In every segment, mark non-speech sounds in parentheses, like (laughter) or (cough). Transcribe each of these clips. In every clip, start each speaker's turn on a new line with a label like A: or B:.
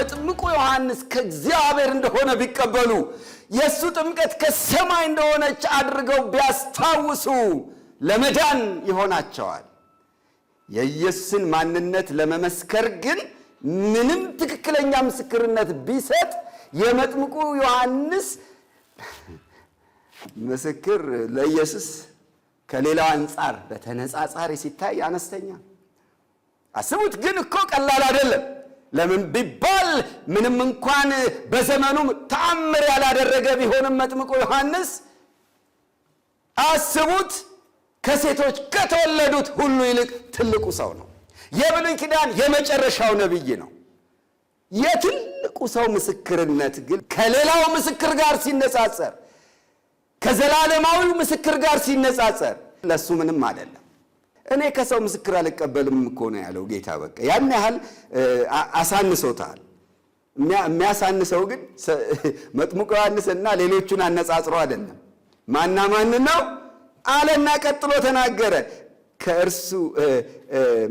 A: መጥምቁ ዮሐንስ ከእግዚአብሔር እንደሆነ ቢቀበሉ የእሱ ጥምቀት ከሰማይ እንደሆነች አድርገው ቢያስታውሱ ለመዳን ይሆናቸዋል። የኢየሱስን ማንነት ለመመስከር ግን ምንም ትክክለኛ ምስክርነት ቢሰጥ የመጥምቁ ዮሐንስ ምስክር ለኢየሱስ ከሌላው አንጻር በተነጻጻሪ ሲታይ አነስተኛ። አስቡት ግን እኮ ቀላል አይደለም። ለምን ቢባል ምንም እንኳን በዘመኑ ተአምር ያላደረገ ቢሆንም መጥምቁ ዮሐንስ አስቡት፣ ከሴቶች ከተወለዱት ሁሉ ይልቅ ትልቁ ሰው ነው። የብሉይ ኪዳን የመጨረሻው ነቢይ ነው። የትልቁ ሰው ምስክርነት ግን ከሌላው ምስክር ጋር ሲነጻጸር፣ ከዘላለማዊው ምስክር ጋር ሲነጻጸር ለእሱ ምንም አይደለም። እኔ ከሰው ምስክር አልቀበልም እኮ ነው ያለው ጌታ። በቃ ያን ያህል አሳንሶታል። የሚያሳንሰው ግን መጥምቁ ዮሐንስና ሌሎቹን አነጻጽሮ አይደለም። ማና ማን ነው አለና ቀጥሎ ተናገረ። ከእርሱ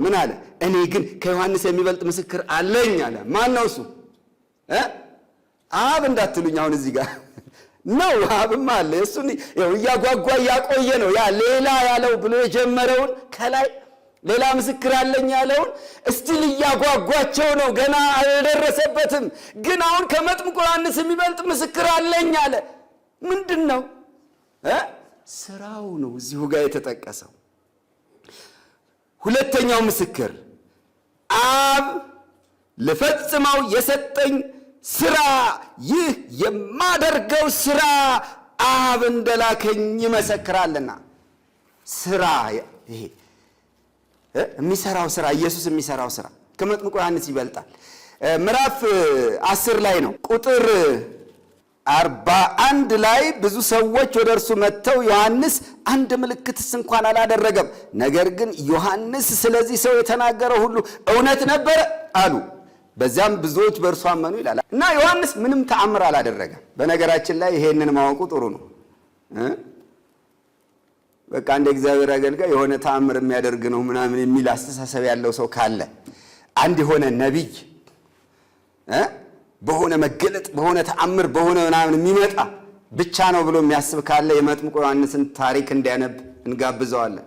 A: ምን አለ? እኔ ግን ከዮሐንስ የሚበልጥ ምስክር አለኝ አለ። ማን ነው እሱ? አብ እንዳትሉኝ አሁን እዚህ ጋር ነው ሀብም አለ። እሱን እያጓጓ እያቆየ ነው ያ ሌላ ያለው ብሎ የጀመረውን ከላይ ሌላ ምስክር አለኝ ያለውን እስቲል እያጓጓቸው ነው። ገና አልደረሰበትም። ግን አሁን ከመጥምቁ ዮሐንስ የሚበልጥ ምስክር አለኝ አለ። ምንድን ነው ስራው? ነው እዚሁ ጋር የተጠቀሰው ሁለተኛው ምስክር አብ ልፈጽመው የሰጠኝ ስራ ይህ የማደርገው ስራ አብ እንደላከኝ ይመሰክራልና። ስራ ይሄ የሚሰራው ስራ ኢየሱስ የሚሰራው ስራ ከመጥምቁ ዮሐንስ ይበልጣል። ምዕራፍ አስር ላይ ነው ቁጥር አርባ አንድ ላይ ብዙ ሰዎች ወደ እርሱ መጥተው ዮሐንስ አንድ ምልክትስ እንኳን አላደረገም፣ ነገር ግን ዮሐንስ ስለዚህ ሰው የተናገረው ሁሉ እውነት ነበር አሉ። በዚያም ብዙዎች በእርሱ አመኑ ይላል እና ዮሐንስ ምንም ተአምር አላደረገም። በነገራችን ላይ ይሄንን ማወቁ ጥሩ ነው። በቃ እንደ እግዚአብሔር አገልጋይ የሆነ ተአምር የሚያደርግ ነው ምናምን የሚል አስተሳሰብ ያለው ሰው ካለ አንድ የሆነ ነቢይ በሆነ መገለጥ በሆነ ተአምር በሆነ ምናምን የሚመጣ ብቻ ነው ብሎ የሚያስብ ካለ የመጥምቁ ዮሐንስን ታሪክ እንዲያነብ እንጋብዘዋለን።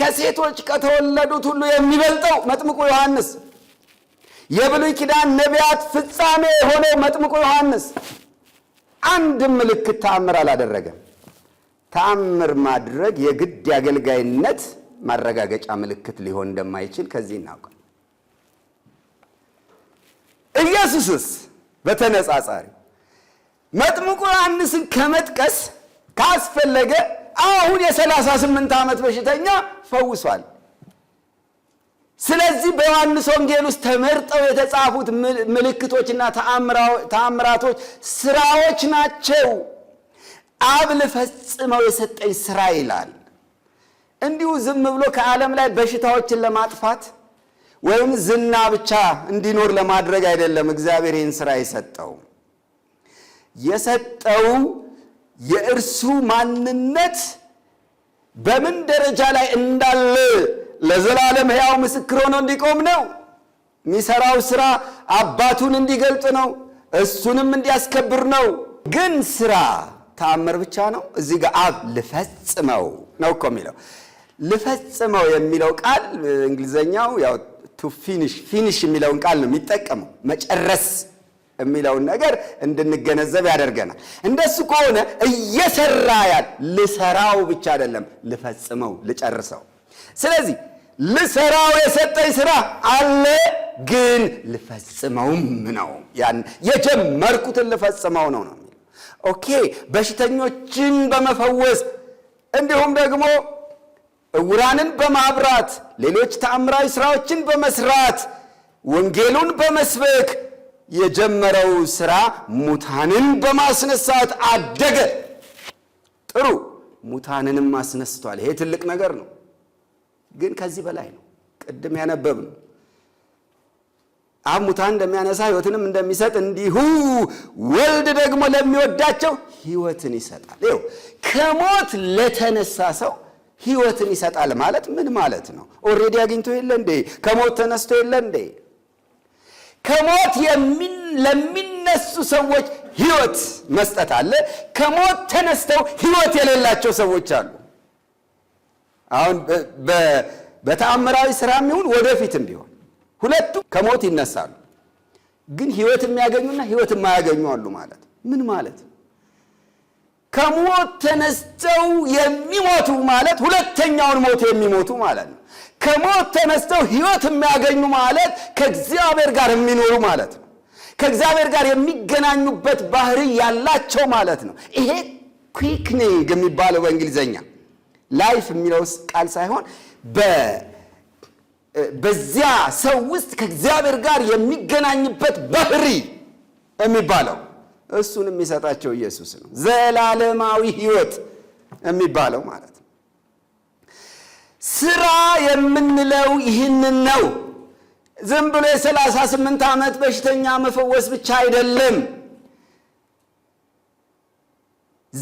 A: ከሴቶች ከተወለዱት ሁሉ የሚበልጠው መጥምቁ ዮሐንስ የብሉይ ኪዳን ነቢያት ፍጻሜ የሆነው መጥምቁ ዮሐንስ አንድ ምልክት ተአምር አላደረገም። ተአምር ማድረግ የግድ የአገልጋይነት ማረጋገጫ ምልክት ሊሆን እንደማይችል ከዚህ እናውቃል። ኢየሱስስ በተነጻጻሪ መጥምቁ ዮሐንስን ከመጥቀስ ካስፈለገ አሁን የ38 ዓመት በሽተኛ ፈውሷል። ስለዚህ በዮሐንስ ወንጌል ውስጥ ተመርጠው የተጻፉት ምልክቶችና ተአምራቶች ስራዎች ናቸው። አብ ልፈጽመው የሰጠኝ ስራ ይላል። እንዲሁ ዝም ብሎ ከዓለም ላይ በሽታዎችን ለማጥፋት ወይም ዝና ብቻ እንዲኖር ለማድረግ አይደለም። እግዚአብሔር ይህን ስራ የሰጠው የሰጠው የእርሱ ማንነት በምን ደረጃ ላይ እንዳለ ለዘላለም ሕያው ምስክር ሆኖ እንዲቆም ነው። የሚሠራው ሥራ አባቱን እንዲገልጥ ነው። እሱንም እንዲያስከብር ነው። ግን ሥራ ተአምር ብቻ ነው። እዚህ ጋር አብ ልፈጽመው ነው እኮ የሚለው ልፈጽመው የሚለው ቃል እንግሊዘኛው ያው ቱ ፊኒሽ ፊኒሽ የሚለውን ቃል ነው የሚጠቀመው መጨረስ የሚለውን ነገር እንድንገነዘብ ያደርገናል። እንደሱ ከሆነ እየሰራ ያል ልሰራው ብቻ አይደለም፣ ልፈጽመው፣ ልጨርሰው ስለዚህ ልሰራው የሰጠኝ ስራ አለ፣ ግን ልፈጽመውም ነው። ያን የጀመርኩትን ልፈጽመው ነው ነው የሚለው። ኦኬ በሽተኞችን በመፈወስ እንዲሁም ደግሞ እውራንን በማብራት ሌሎች ተአምራዊ ስራዎችን በመስራት ወንጌሉን በመስበክ የጀመረው ስራ ሙታንን በማስነሳት አደገ። ጥሩ ሙታንንም አስነስቷል። ይሄ ትልቅ ነገር ነው። ግን ከዚህ በላይ ነው። ቅድም ያነበብ ነው አብ ሙታን እንደሚያነሳ ህይወትንም እንደሚሰጥ እንዲሁ ወልድ ደግሞ ለሚወዳቸው ህይወትን ይሰጣል። ይኸው ከሞት ለተነሳ ሰው ህይወትን ይሰጣል ማለት ምን ማለት ነው? ኦሬዲ አግኝቶ የለ እንዴ? ከሞት ተነስቶ የለ እንዴ? ከሞት ለሚነሱ ሰዎች ህይወት መስጠት አለ። ከሞት ተነስተው ህይወት የሌላቸው ሰዎች አሉ። አሁን በተአምራዊ ስራ የሚሆን ወደፊትም ቢሆን ሁለቱም ከሞት ይነሳሉ። ግን ህይወት የሚያገኙና ህይወት የማያገኙ አሉ ማለት ምን ማለት? ከሞት ተነስተው የሚሞቱ ማለት ሁለተኛውን ሞት የሚሞቱ ማለት ነው። ከሞት ተነስተው ህይወት የሚያገኙ ማለት ከእግዚአብሔር ጋር የሚኖሩ ማለት ነው። ከእግዚአብሔር ጋር የሚገናኙበት ባህሪ ያላቸው ማለት ነው። ይሄ ኩክኒንግ የሚባለው በእንግሊዘኛ ላይፍ የሚለው ቃል ሳይሆን በዚያ ሰው ውስጥ ከእግዚአብሔር ጋር የሚገናኝበት ባህሪ የሚባለው እሱን የሚሰጣቸው ኢየሱስ ነው። ዘላለማዊ ህይወት የሚባለው ማለት ነው። ስራ የምንለው ይህንን ነው። ዝም ብሎ የ38 ዓመት በሽተኛ መፈወስ ብቻ አይደለም።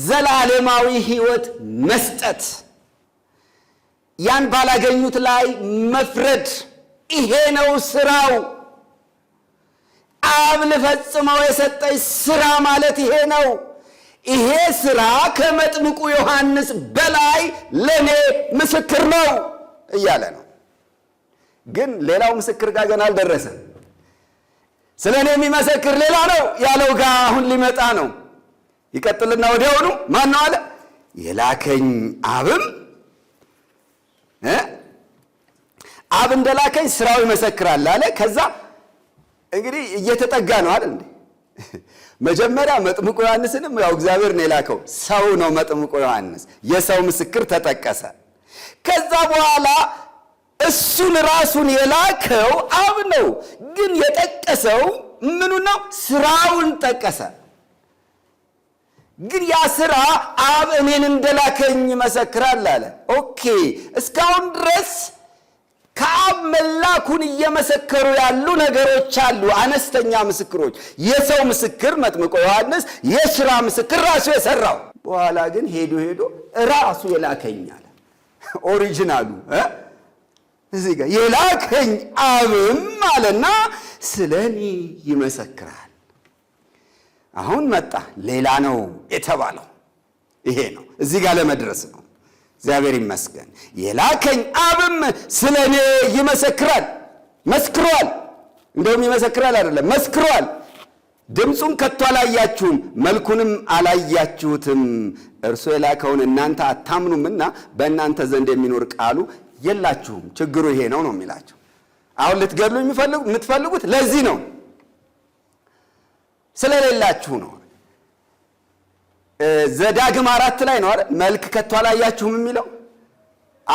A: ዘላለማዊ ህይወት መስጠት ያን ባላገኙት ላይ መፍረድ ይሄ ነው ስራው። አብ ልፈጽመው የሰጠች ስራ ማለት ይሄ ነው። ይሄ ስራ ከመጥምቁ ዮሐንስ በላይ ለእኔ ምስክር ነው እያለ ነው። ግን ሌላው ምስክር ጋር ገና አልደረሰ? ስለ እኔ የሚመሰክር ሌላ ነው ያለው ጋር አሁን ሊመጣ ነው። ይቀጥልና ወዲያውኑ ማን ነው አለ የላከኝ አብም አብ እንደላከኝ ስራው ይመሰክራል አለ። ከዛ እንግዲህ እየተጠጋ ነው አለ እንዴ? መጀመሪያ መጥምቁ ዮሐንስንም ያው እግዚአብሔር ነው የላከው ሰው ነው መጥምቁ ዮሐንስ፣ የሰው ምስክር ተጠቀሰ። ከዛ በኋላ እሱን ራሱን የላከው አብ ነው፣ ግን የጠቀሰው ምኑ ነው? ስራውን ጠቀሰ። ግን ያ ስራ አብ እኔን እንደላከኝ ይመሰክራል አለ። ኦኬ እስካሁን ድረስ ከአብ መላኩን እየመሰከሩ ያሉ ነገሮች አሉ። አነስተኛ ምስክሮች፣ የሰው ምስክር መጥምቆ ዮሐንስ፣ የስራ ምስክር ራሱ የሰራው። በኋላ ግን ሄዶ ሄዶ ራሱ የላከኝ አለ። ኦሪጂናሉ እዚህ ጋር የላከኝ አብም አለና ስለ እኔ ይመሰክራል። አሁን መጣ ሌላ ነው የተባለው ይሄ ነው። እዚህ ጋር ለመድረስ ነው። እግዚአብሔር ይመስገን። የላከኝ አብም ስለ እኔ ይመሰክራል፣ መስክሯል። እንደውም ይመሰክራል አይደለም መስክሯል። ድምፁን ከቶ አላያችሁም፣ መልኩንም አላያችሁትም። እርሱ የላከውን እናንተ አታምኑምና በእናንተ ዘንድ የሚኖር ቃሉ የላችሁም። ችግሩ ይሄ ነው ነው የሚላቸው። አሁን ልትገሉ የምትፈልጉት ለዚህ ነው። ስለሌላችሁ ነው። ዘዳግም አራት ላይ ነው አይደል? መልክ ከቶ አላያችሁም የሚለው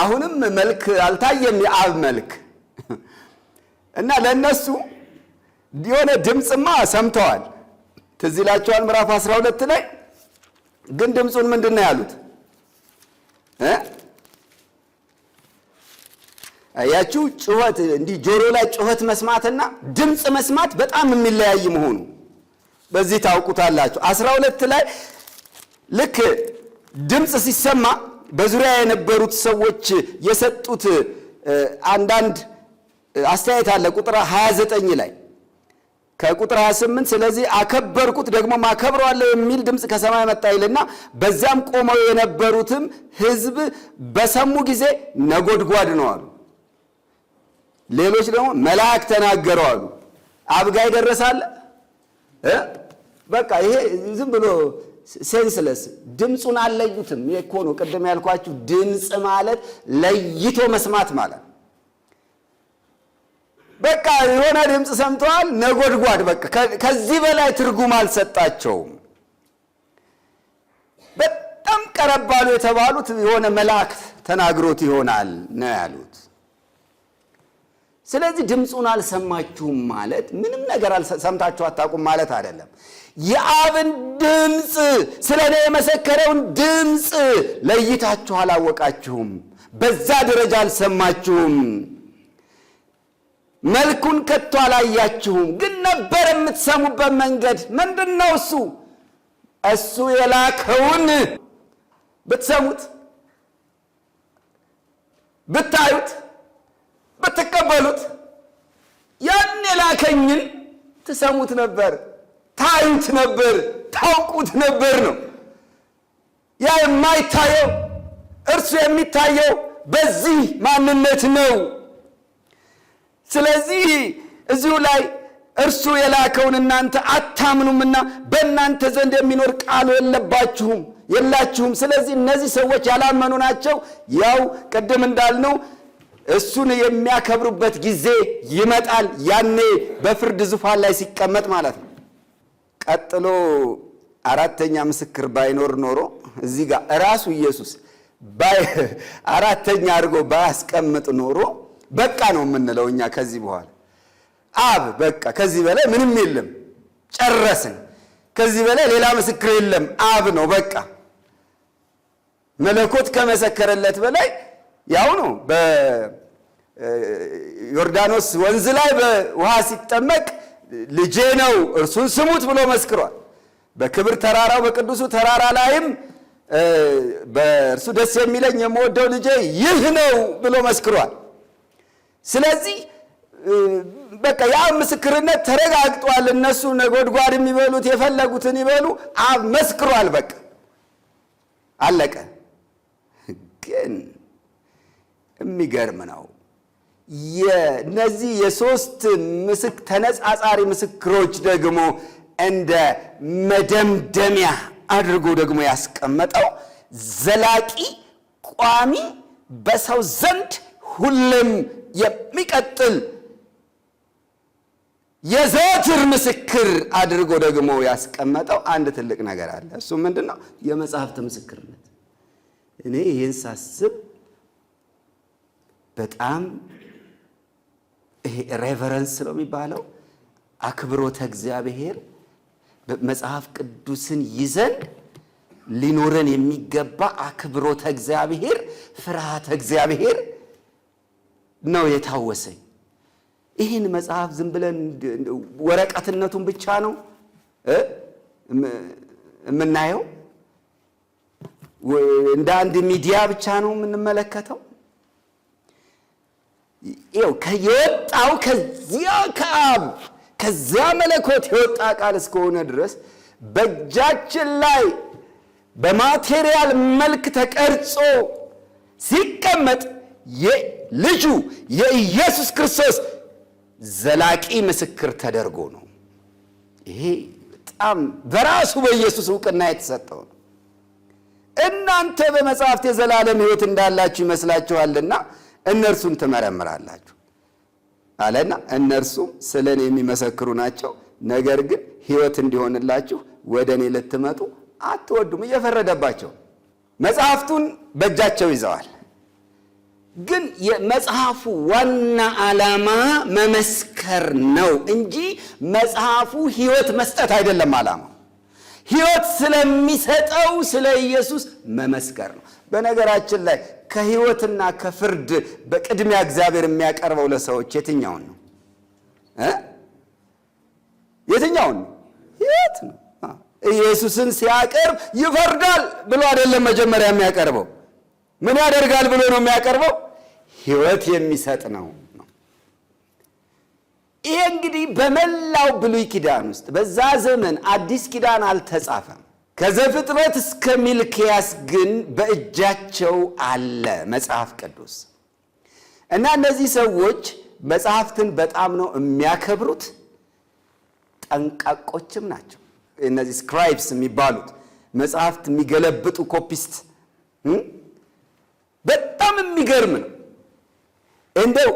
A: አሁንም መልክ አልታየም፣ የአብ መልክ (laughs) እና ለእነሱ የሆነ ድምፅማ ሰምተዋል። ትዝ ይላቸዋል ምዕራፍ 12 ላይ ግን ድምፁን ምንድን ነው ያሉት? አያችሁ ጩኸት፣ እንዲህ ጆሮ ላይ ጩኸት መስማትና ድምፅ መስማት በጣም የሚለያይ መሆኑ በዚህ ታውቁታላችሁ። አስራ ሁለት ላይ ልክ ድምፅ ሲሰማ በዙሪያ የነበሩት ሰዎች የሰጡት አንዳንድ አስተያየት አለ። ቁጥር 29 ላይ ከቁጥር 28 ስለዚህ አከበርኩት ደግሞ አከብረዋለሁ የሚል ድምፅ ከሰማይ መጣ ይልና በዚያም ቆመው የነበሩትም ሕዝብ በሰሙ ጊዜ ነጎድጓድ ነው አሉ። ሌሎች ደግሞ መልአክ ተናገረው አሉ። አብጋይ ደረሳለ በቃ ይሄ ዝም ብሎ ሴንስለስ ድምፁን አልለዩትም። እኮ ነው ቅድም ያልኳችሁ ድምፅ ማለት ለይቶ መስማት ማለት በቃ የሆነ ድምፅ ሰምተዋል፣ ነጎድጓድ በቃ ከዚህ በላይ ትርጉም አልሰጣቸውም። በጣም ቀረባሉ የተባሉት የሆነ መልአክ ተናግሮት ይሆናል ነው ያሉት። ስለዚህ ድምፁን አልሰማችሁም ማለት ምንም ነገር ሰምታችሁ አታውቁም ማለት አይደለም። የአብን ድምፅ ስለ እኔ የመሰከረውን ድምፅ ለይታችሁ አላወቃችሁም፣ በዛ ደረጃ አልሰማችሁም፣ መልኩን ከቶ አላያችሁም። ግን ነበር የምትሰሙበት መንገድ ምንድን ነው? እሱ እሱ የላከውን ብትሰሙት፣ ብታዩት፣ ብትቀበሉት ያን የላከኝን ትሰሙት ነበር። ታዩት ነበር፣ ታውቁት ነበር ነው። ያ የማይታየው እርሱ የሚታየው በዚህ ማንነት ነው። ስለዚህ እዚሁ ላይ እርሱ የላከውን እናንተ አታምኑምና በእናንተ ዘንድ የሚኖር ቃሉ የለባችሁም የላችሁም። ስለዚህ እነዚህ ሰዎች ያላመኑ ናቸው። ያው ቅድም እንዳልነው እሱን የሚያከብሩበት ጊዜ ይመጣል። ያኔ በፍርድ ዙፋን ላይ ሲቀመጥ ማለት ነው። ቀጥሎ አራተኛ ምስክር ባይኖር ኖሮ እዚህ ጋር እራሱ ኢየሱስ (laughs) አራተኛ አድርጎ ባያስቀምጥ ኖሮ በቃ ነው የምንለው እኛ። ከዚህ በኋላ አብ በቃ ከዚህ በላይ ምንም የለም፣ ጨረስን። ከዚህ በላይ ሌላ ምስክር የለም፣ አብ ነው በቃ። መለኮት ከመሰከረለት በላይ ያው ነው። በዮርዳኖስ ወንዝ ላይ በውሃ ሲጠመቅ ልጄ ነው እርሱን ስሙት ብሎ መስክሯል። በክብር ተራራው በቅዱሱ ተራራ ላይም በእርሱ ደስ የሚለኝ የምወደው ልጄ ይህ ነው ብሎ መስክሯል። ስለዚህ በቃ የአብ ምስክርነት ተረጋግጧል። እነሱ ነጎድጓድ የሚበሉት የፈለጉትን ይበሉ፣ አብ መስክሯል። በቃ አለቀ። ግን የሚገርም ነው የነዚህ የሶስት ተነጻጻሪ ምስክሮች ደግሞ እንደ መደምደሚያ አድርጎ ደግሞ ያስቀመጠው ዘላቂ ቋሚ በሰው ዘንድ ሁሉም የሚቀጥል የዘወትር ምስክር አድርጎ ደግሞ ያስቀመጠው አንድ ትልቅ ነገር አለ። እሱ ምንድን ነው? የመጽሐፍት ምስክርነት። እኔ ይህን ሳስብ በጣም ይሄ ሬቨረንስ ነው የሚባለው አክብሮተ እግዚአብሔር መጽሐፍ ቅዱስን ይዘን ሊኖረን የሚገባ አክብሮተ እግዚአብሔር፣ ፍርሃተ እግዚአብሔር ነው የታወሰኝ። ይህን መጽሐፍ ዝም ብለን ወረቀትነቱን ብቻ ነው የምናየው፣ እንደ አንድ ሚዲያ ብቻ ነው የምንመለከተው። ይኸው የወጣው ከዚያ ከአብ ከዚያ መለኮት የወጣ ቃል እስከሆነ ድረስ በእጃችን ላይ በማቴሪያል መልክ ተቀርጾ ሲቀመጥ ልጁ የኢየሱስ ክርስቶስ ዘላቂ ምስክር ተደርጎ ነው። ይሄ በጣም በራሱ በኢየሱስ እውቅና የተሰጠው ነው። እናንተ በመጽሐፍት የዘላለም ሕይወት እንዳላችሁ ይመስላችኋልና እነርሱን ትመረምራላችሁ አለና እነርሱም ስለ እኔ የሚመሰክሩ ናቸው። ነገር ግን ሕይወት እንዲሆንላችሁ ወደ እኔ ልትመጡ አትወዱም። እየፈረደባቸው መጽሐፍቱን በእጃቸው ይዘዋል። ግን የመጽሐፉ ዋና ዓላማ መመስከር ነው እንጂ መጽሐፉ ሕይወት መስጠት አይደለም። ዓላማው ሕይወት ስለሚሰጠው ስለ ኢየሱስ መመስከር ነው። በነገራችን ላይ ከህይወትና ከፍርድ በቅድሚያ እግዚአብሔር የሚያቀርበው ለሰዎች የትኛውን ነው? የትኛውን ነው? ህይወት ነው። ኢየሱስን ሲያቀርብ ይፈርዳል ብሎ አይደለም መጀመሪያ የሚያቀርበው። ምን ያደርጋል ብሎ ነው የሚያቀርበው? ህይወት የሚሰጥ ነው። ይሄ እንግዲህ በመላው ብሉይ ኪዳን ውስጥ በዛ ዘመን አዲስ ኪዳን አልተጻፈም። ከዘፍጥረት እስከ ሚልክያስ ግን በእጃቸው አለ መጽሐፍ ቅዱስ። እና እነዚህ ሰዎች መጽሐፍትን በጣም ነው የሚያከብሩት፣ ጠንቃቆችም ናቸው። እነዚህ ስክራይብስ የሚባሉት መጽሐፍት የሚገለብጡ ኮፒስት፣ በጣም የሚገርም ነው። እንደው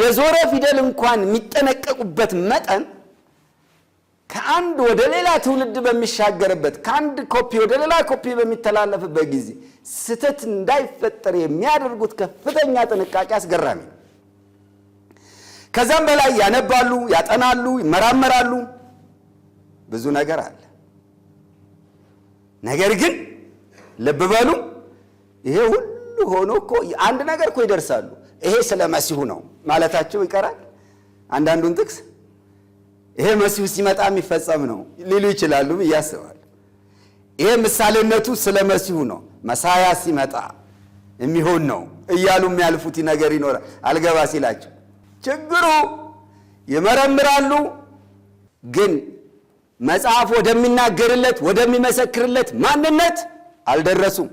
A: የዞረ ፊደል እንኳን የሚጠነቀቁበት መጠን ከአንድ ወደ ሌላ ትውልድ በሚሻገርበት ከአንድ ኮፒ ወደ ሌላ ኮፒ በሚተላለፍበት ጊዜ ስህተት እንዳይፈጠር የሚያደርጉት ከፍተኛ ጥንቃቄ አስገራሚ ነው። ከዛም በላይ ያነባሉ፣ ያጠናሉ፣ ይመራመራሉ። ብዙ ነገር አለ። ነገር ግን ልብ በሉ፣ ይሄ ሁሉ ሆኖ እኮ አንድ ነገር እኮ ይደርሳሉ። ይሄ ስለ መሲሁ ነው ማለታቸው ይቀራል አንዳንዱን ጥቅስ ይሄ መሲሁ ሲመጣ የሚፈጸም ነው ሊሉ ይችላሉ ብዬ አስባለሁ። ይሄ ምሳሌነቱ ስለ መሲሁ ነው። መሳያ ሲመጣ የሚሆን ነው እያሉ የሚያልፉት ነገር ይኖራል። አልገባ ሲላቸው ችግሩ ይመረምራሉ፣ ግን መጽሐፍ ወደሚናገርለት ወደሚመሰክርለት ማንነት አልደረሱም።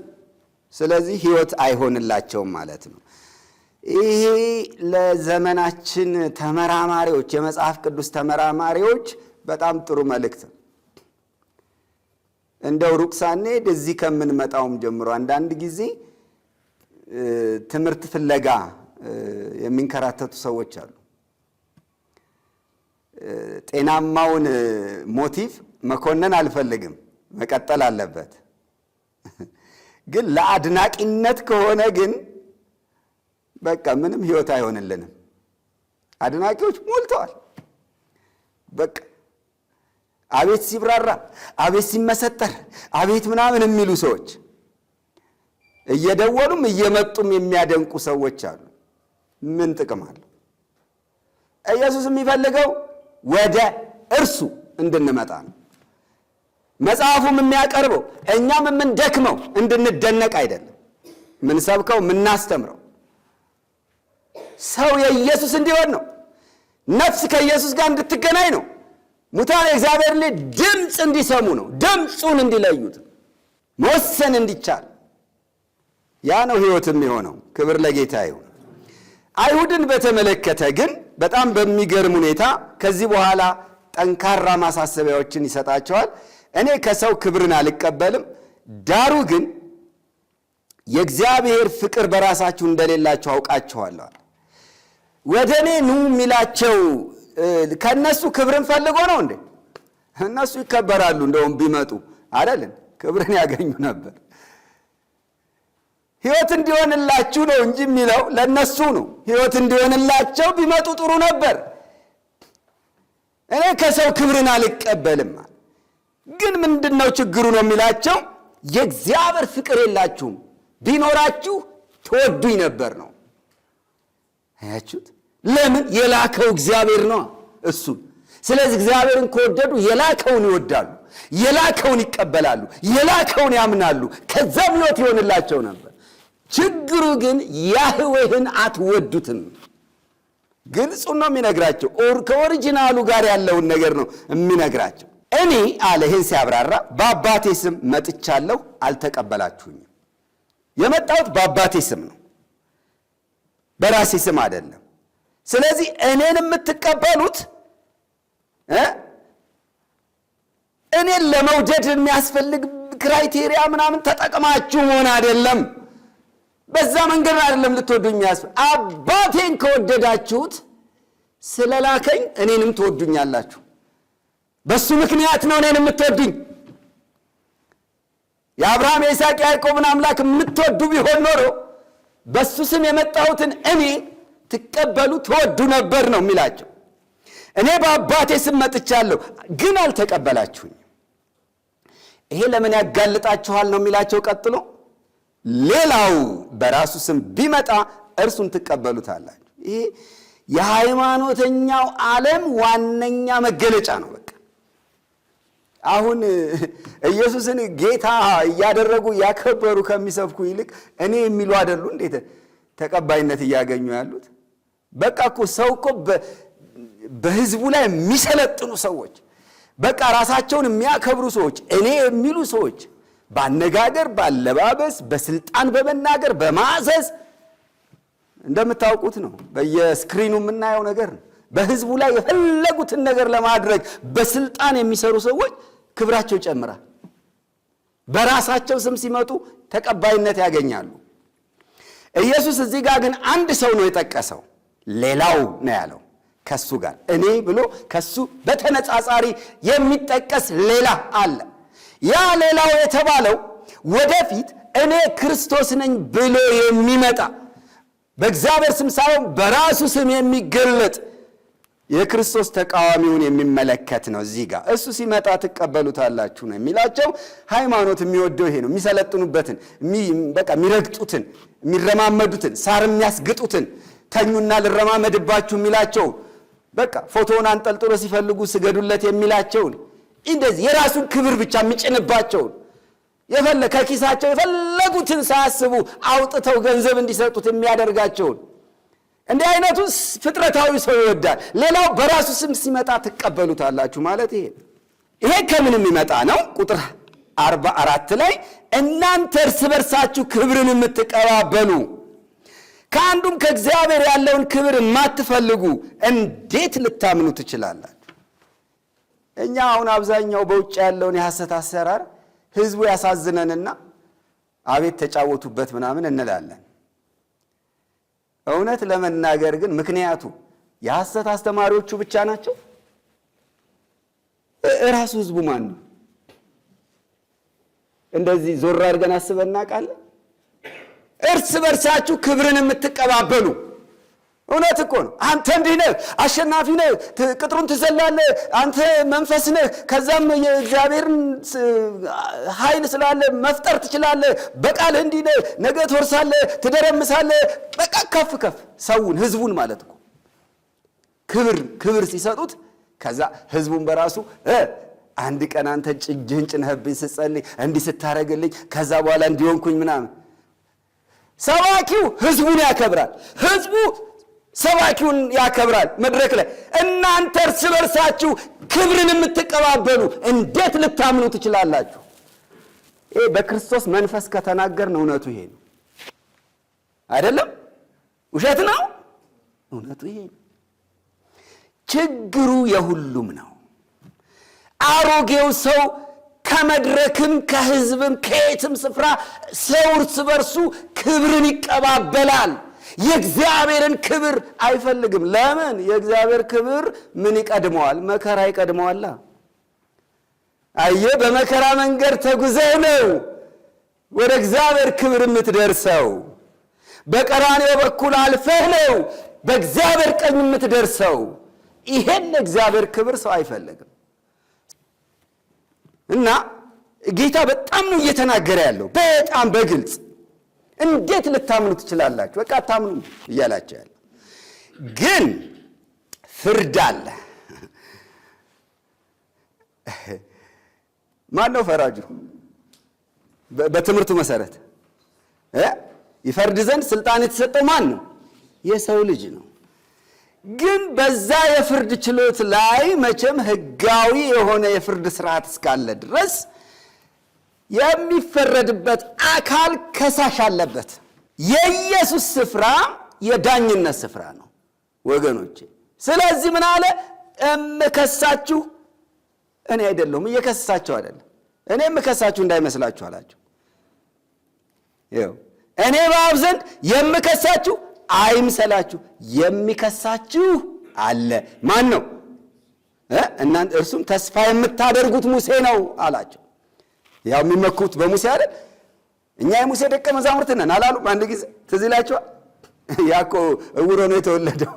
A: ስለዚህ ሕይወት አይሆንላቸውም ማለት ነው። ይሄ ለዘመናችን ተመራማሪዎች የመጽሐፍ ቅዱስ ተመራማሪዎች በጣም ጥሩ መልእክት ነው። እንደው ሩቅ ሳንሄድ እዚህ ከምንመጣውም ጀምሮ አንዳንድ ጊዜ ትምህርት ፍለጋ የሚንከራተቱ ሰዎች አሉ። ጤናማውን ሞቲቭ መኮነን አልፈልግም፣ መቀጠል አለበት። ግን ለአድናቂነት ከሆነ ግን በቃ ምንም ህይወት አይሆንልንም። አድናቂዎች ሞልተዋል። በቃ አቤት ሲብራራ፣ አቤት ሲመሰጠር፣ አቤት ምናምን የሚሉ ሰዎች እየደወሉም እየመጡም የሚያደንቁ ሰዎች አሉ። ምን ጥቅም አለው? ኢየሱስ የሚፈልገው ወደ እርሱ እንድንመጣ ነው። መጽሐፉም የሚያቀርበው እኛም የምንደክመው እንድንደነቅ አይደለም። ምንሰብከው፣ ምናስተምረው ሰው የኢየሱስ እንዲሆን ነው። ነፍስ ከኢየሱስ ጋር እንድትገናኝ ነው። ሙታን የእግዚአብሔር ልጅ ድምፅ እንዲሰሙ ነው። ድምፁን እንዲለዩት መወሰን እንዲቻል ያ ነው ሕይወትም የሆነው። ክብር ለጌታ ይሁን። አይሁድን በተመለከተ ግን በጣም በሚገርም ሁኔታ ከዚህ በኋላ ጠንካራ ማሳሰቢያዎችን ይሰጣቸዋል። እኔ ከሰው ክብርን አልቀበልም፣ ዳሩ ግን የእግዚአብሔር ፍቅር በራሳችሁ እንደሌላችሁ አውቃችኋለዋል። ወደ እኔ ኑ የሚላቸው ከእነሱ ክብርን ፈልጎ ነው እንዴ? እነሱ ይከበራሉ። እንደውም ቢመጡ አይደለም ክብርን ያገኙ ነበር። ህይወት እንዲሆንላችሁ ነው እንጂ የሚለው ለእነሱ ነው። ህይወት እንዲሆንላቸው ቢመጡ ጥሩ ነበር። እኔ ከሰው ክብርን አልቀበልም፣ ግን ምንድን ነው ችግሩ ነው የሚላቸው የእግዚአብሔር ፍቅር የላችሁም፣ ቢኖራችሁ ትወዱኝ ነበር ነው አያችሁት? ለምን የላከው እግዚአብሔር ነው እሱ ስለዚህ እግዚአብሔርን ከወደዱ የላከውን ይወዳሉ፣ የላከውን ይቀበላሉ፣ የላከውን ያምናሉ። ከዛም ሕይወት ይሆንላቸው ነበር። ችግሩ ግን ያህዌህን አትወዱትም። ግልጹ ነው የሚነግራቸው። ከኦሪጂናሉ ጋር ያለውን ነገር ነው የሚነግራቸው። እኔ አለ ይህን ሲያብራራ በአባቴ ስም መጥቻለሁ፣ አልተቀበላችሁኝም። የመጣሁት በአባቴ ስም ነው በራሴ ስም አይደለም። ስለዚህ እኔን የምትቀበሉት እኔን ለመውደድ የሚያስፈልግ ክራይቴሪያ ምናምን ተጠቅማችሁ መሆን አይደለም። በዛ መንገድ አይደለም ልትወዱኝ ያስ አባቴን ከወደዳችሁት ስለላከኝ እኔንም ትወዱኛላችሁ። በሱ ምክንያት ነው እኔን የምትወዱኝ። የአብርሃም የይስሐቅ ያዕቆብን አምላክ የምትወዱ ቢሆን ኖሮ በሱ ስም የመጣሁትን እኔ ትቀበሉ ትወዱ ነበር ነው የሚላቸው። እኔ በአባቴ ስም መጥቻለሁ፣ ግን አልተቀበላችሁኝ። ይሄ ለምን ያጋልጣችኋል ነው የሚላቸው። ቀጥሎ ሌላው በራሱ ስም ቢመጣ እርሱን ትቀበሉታላችሁ። ይሄ የሃይማኖተኛው ዓለም ዋነኛ መገለጫ ነው። በቃ አሁን ኢየሱስን ጌታ እያደረጉ ያከበሩ ከሚሰብኩ ይልቅ እኔ የሚሉ አይደሉ እንዴት ተቀባይነት እያገኙ ያሉት? በቃ እኮ ሰው እኮ በህዝቡ ላይ የሚሰለጥኑ ሰዎች፣ በቃ ራሳቸውን የሚያከብሩ ሰዎች፣ እኔ የሚሉ ሰዎች በአነጋገር ባለባበስ፣ በስልጣን በመናገር በማዘዝ እንደምታውቁት ነው። በየስክሪኑ የምናየው ነገር ነው። በህዝቡ ላይ የፈለጉትን ነገር ለማድረግ በስልጣን የሚሰሩ ሰዎች ክብራቸው ይጨምራል። በራሳቸው ስም ሲመጡ ተቀባይነት ያገኛሉ። ኢየሱስ እዚህ ጋር ግን አንድ ሰው ነው የጠቀሰው፣ ሌላው ነው ያለው። ከሱ ጋር እኔ ብሎ ከሱ በተነጻጻሪ የሚጠቀስ ሌላ አለ። ያ ሌላው የተባለው ወደፊት እኔ ክርስቶስ ነኝ ብሎ የሚመጣ በእግዚአብሔር ስም ሳይሆን በራሱ ስም የሚገለጥ የክርስቶስ ተቃዋሚውን የሚመለከት ነው። እዚህ ጋር እሱ ሲመጣ ትቀበሉታላችሁ ነው የሚላቸው። ሃይማኖት የሚወደው ይሄ ነው። የሚሰለጥኑበትን፣ በቃ የሚረግጡትን፣ የሚረማመዱትን፣ ሳር የሚያስግጡትን፣ ተኙና ልረማመድባችሁ የሚላቸው፣ በቃ ፎቶውን አንጠልጥሎ ሲፈልጉ ስገዱለት የሚላቸውን፣ እንደዚህ የራሱን ክብር ብቻ የሚጭንባቸውን የፈለ ከኪሳቸው የፈለጉትን ሳያስቡ አውጥተው ገንዘብ እንዲሰጡት የሚያደርጋቸውን እንዲህ አይነቱ ፍጥረታዊ ሰው ይወዳል። ሌላው በራሱ ስም ሲመጣ ትቀበሉታላችሁ ማለት ይሄ ይሄ ከምን የሚመጣ ነው? ቁጥር አርባ አራት ላይ እናንተ እርስ በርሳችሁ ክብርን የምትቀባበሉ ከአንዱም ከእግዚአብሔር ያለውን ክብር የማትፈልጉ እንዴት ልታምኑ ትችላላችሁ? እኛ አሁን አብዛኛው በውጭ ያለውን የሐሰት አሰራር ህዝቡ ያሳዝነንና አቤት ተጫወቱበት ምናምን እንላለን እውነት ለመናገር ግን ምክንያቱ የሐሰት አስተማሪዎቹ ብቻ ናቸው? እራሱ ህዝቡ ማን ነው? እንደዚህ ዞር አድርገን አስበን እናውቃለን? እርስ በርሳችሁ ክብርን የምትቀባበሉ እውነት እኮ ነው። አንተ እንዲህ ነህ፣ አሸናፊ ነህ፣ ቅጥሩን ትዘላለህ፣ አንተ መንፈስ ነህ። ከዛም የእግዚአብሔርን ኃይል ስላለ መፍጠር ትችላለህ። በቃልህ እንዲህ ነህ፣ ነገ ትወርሳለህ፣ ትደረምሳለህ። በቃ ከፍ ከፍ ሰውን ህዝቡን ማለት እኮ ክብር ክብር ሲሰጡት ከዛ ህዝቡን በራሱ አንድ ቀን አንተ ጭጅህን ጭነህብኝ ስጸልኝ እንዲህ ስታደርግልኝ ከዛ በኋላ እንዲሆንኩኝ ምናምን ሰባኪው ህዝቡን ያከብራል ህዝቡ ሰባኪውን ያከብራል መድረክ ላይ። እናንተ እርስ በርሳችሁ ክብርን የምትቀባበሉ እንዴት ልታምኑ ትችላላችሁ? ይህ በክርስቶስ መንፈስ ከተናገር ነው እውነቱ ይሄ ነው። አይደለም ውሸት ነው፣ እውነቱ ይሄ ነው። ችግሩ የሁሉም ነው። አሮጌው ሰው ከመድረክም ከህዝብም ከየትም ስፍራ ሰው እርስ በርሱ ክብርን ይቀባበላል። የእግዚአብሔርን ክብር አይፈልግም። ለምን? የእግዚአብሔር ክብር ምን ይቀድመዋል? መከራ ይቀድመዋላ። አየ በመከራ መንገድ ተጉዘህ ነው ወደ እግዚአብሔር ክብር የምትደርሰው። በቀራንዮ በኩል አልፈህ ነው በእግዚአብሔር ቀኝ የምትደርሰው። ይሄን እግዚአብሔር ክብር ሰው አይፈልግም እና ጌታ በጣም እየተናገረ ያለው በጣም በግልጽ እንዴት ልታምኑ ትችላላችሁ? በቃ አታምኑ እያላቸው ያለ ግን ፍርድ አለ። ማን ነው ፈራጁ? በትምህርቱ መሰረት ይፈርድ ዘንድ ስልጣን የተሰጠው ማን ነው? የሰው ልጅ ነው። ግን በዛ የፍርድ ችሎት ላይ መቼም ህጋዊ የሆነ የፍርድ ስርዓት እስካለ ድረስ የሚፈረድበት አካል ከሳሽ አለበት። የኢየሱስ ስፍራ የዳኝነት ስፍራ ነው ወገኖቼ። ስለዚህ ምን አለ? እምከሳችሁ እኔ አይደለሁም። እየከሳችሁ አይደለም፣ እኔ እምከሳችሁ እንዳይመስላችሁ አላችሁ። ይኸው እኔ በአብ ዘንድ የምከሳችሁ አይምሰላችሁ፣ የሚከሳችሁ አለ። ማን ነው? እናንተ እርሱም ተስፋ የምታደርጉት ሙሴ ነው አላቸው። ያው የሚመኩት በሙሴ አይደል? እኛ የሙሴ ደቀ መዛሙርት ነን አላሉም? አንድ ጊዜ ትዝ ይላችኋል። ያ እኮ እውሮ ነው የተወለደው።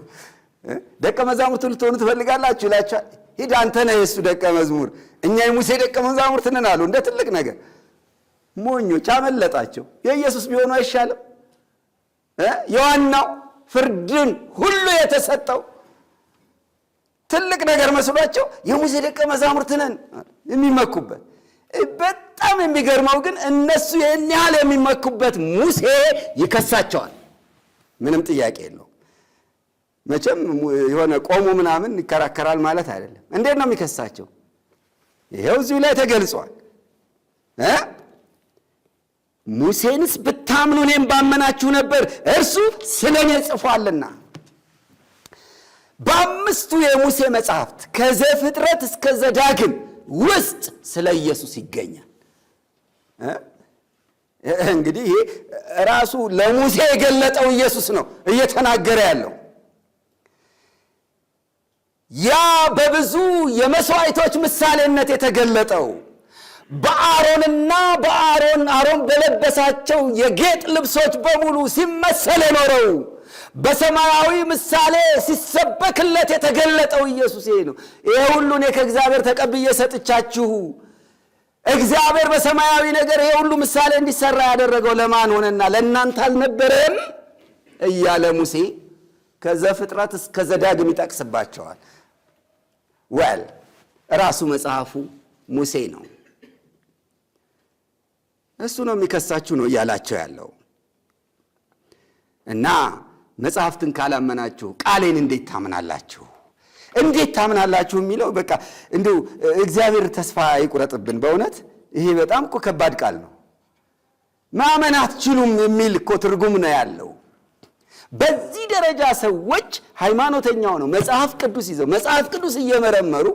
A: ደቀ መዛሙርት ልትሆኑ ትፈልጋላችሁ ይላችኋል። ሂድ አንተ ነህ የእሱ ደቀ መዝሙር፣ እኛ የሙሴ ደቀ መዛሙርት ነን አሉ። እንደ ትልቅ ነገር ሞኞች፣ አመለጣቸው። የኢየሱስ ቢሆኑ አይሻልም? የዋናው ፍርድን ሁሉ የተሰጠው ትልቅ ነገር መስሏቸው የሙሴ ደቀ መዛሙርት ነን የሚመኩበት በጣም የሚገርመው ግን እነሱ ይህን ያህል የሚመኩበት ሙሴ ይከሳቸዋል። ምንም ጥያቄ የለው። መቼም የሆነ ቆሙ ምናምን ይከራከራል ማለት አይደለም። እንዴት ነው የሚከሳቸው? ይሄው እዚሁ ላይ ተገልጿል። ሙሴንስ ብታምኑ እኔም ባመናችሁ ነበር እርሱ ስለ እኔ ጽፏልና። በአምስቱ የሙሴ መጽሐፍት ከዘፍጥረት እስከ ዘዳግም ውስጥ ስለ ኢየሱስ ይገኛል። እንግዲህ ይሄ ራሱ ለሙሴ የገለጠው ኢየሱስ ነው እየተናገረ ያለው። ያ በብዙ የመስዋዕቶች ምሳሌነት የተገለጠው በአሮንና በአሮን አሮን በለበሳቸው የጌጥ ልብሶች በሙሉ ሲመሰል የኖረው በሰማያዊ ምሳሌ ሲሰበክለት የተገለጠው ኢየሱስ ይሄ ነው። ይሄ ሁሉ እኔ ከእግዚአብሔር ተቀብዬ ሰጥቻችሁ እግዚአብሔር በሰማያዊ ነገር ይሄ ሁሉ ምሳሌ እንዲሰራ ያደረገው ለማን ሆነና ለእናንተ አልነበረም እያለ ሙሴ ከዘፍጥረት እስከ ዘዳግም ይጠቅስባቸዋል። ወል ራሱ መጽሐፉ ሙሴ ነው። እሱ ነው የሚከሳችሁ ነው እያላቸው ያለው እና መጽሐፍትን ካላመናችሁ ቃሌን እንዴት ታምናላችሁ? እንዴት ታምናላችሁ የሚለው በቃ እንዲሁ እግዚአብሔር ተስፋ ይቁረጥብን። በእውነት ይሄ በጣም እኮ ከባድ ቃል ነው። ማመን አትችሉም የሚል እኮ ትርጉም ነው ያለው። በዚህ ደረጃ ሰዎች ሃይማኖተኛው ነው መጽሐፍ ቅዱስ ይዘው መጽሐፍ ቅዱስ እየመረመሩ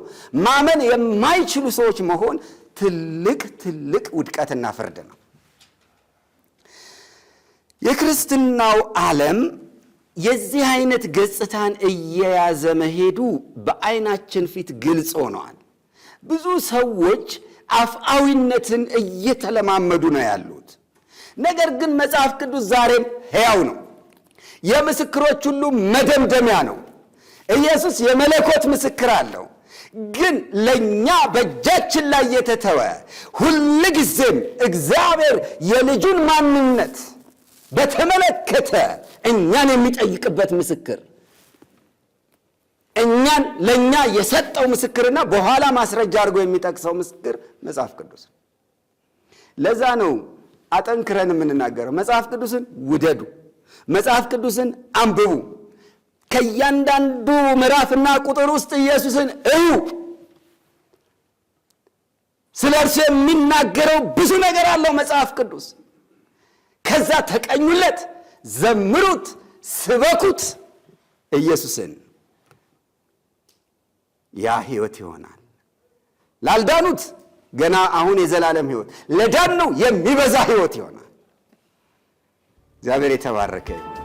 A: ማመን የማይችሉ ሰዎች መሆን ትልቅ ትልቅ ውድቀትና ፍርድ ነው። የክርስትናው ዓለም የዚህ አይነት ገጽታን እየያዘ መሄዱ በአይናችን ፊት ግልጽ ሆነዋል። ብዙ ሰዎች አፍአዊነትን እየተለማመዱ ነው ያሉት። ነገር ግን መጽሐፍ ቅዱስ ዛሬም ሕያው ነው፣ የምስክሮች ሁሉ መደምደሚያ ነው። ኢየሱስ የመለኮት ምስክር አለው። ግን ለእኛ በእጃችን ላይ የተተወ ሁል ጊዜም እግዚአብሔር የልጁን ማንነት በተመለከተ እኛን የሚጠይቅበት ምስክር እኛን ለእኛ የሰጠው ምስክርና በኋላ ማስረጃ አድርጎ የሚጠቅሰው ምስክር መጽሐፍ ቅዱስ ለዛ ነው አጠንክረን የምንናገረው መጽሐፍ ቅዱስን ውደዱ፣ መጽሐፍ ቅዱስን አንብቡ፣ ከእያንዳንዱ ምዕራፍና ቁጥር ውስጥ ኢየሱስን እዩ። ስለ እርሱ የሚናገረው ብዙ ነገር አለው መጽሐፍ ቅዱስ። ከዛ ተቀኙለት። ዘምሩት፣ ስበኩት ኢየሱስን። ያ ሕይወት ይሆናል። ላልዳኑት ገና አሁን የዘላለም ሕይወት፣ ለዳን ነው የሚበዛ ሕይወት ይሆናል። እግዚአብሔር የተባረከ ይሁን።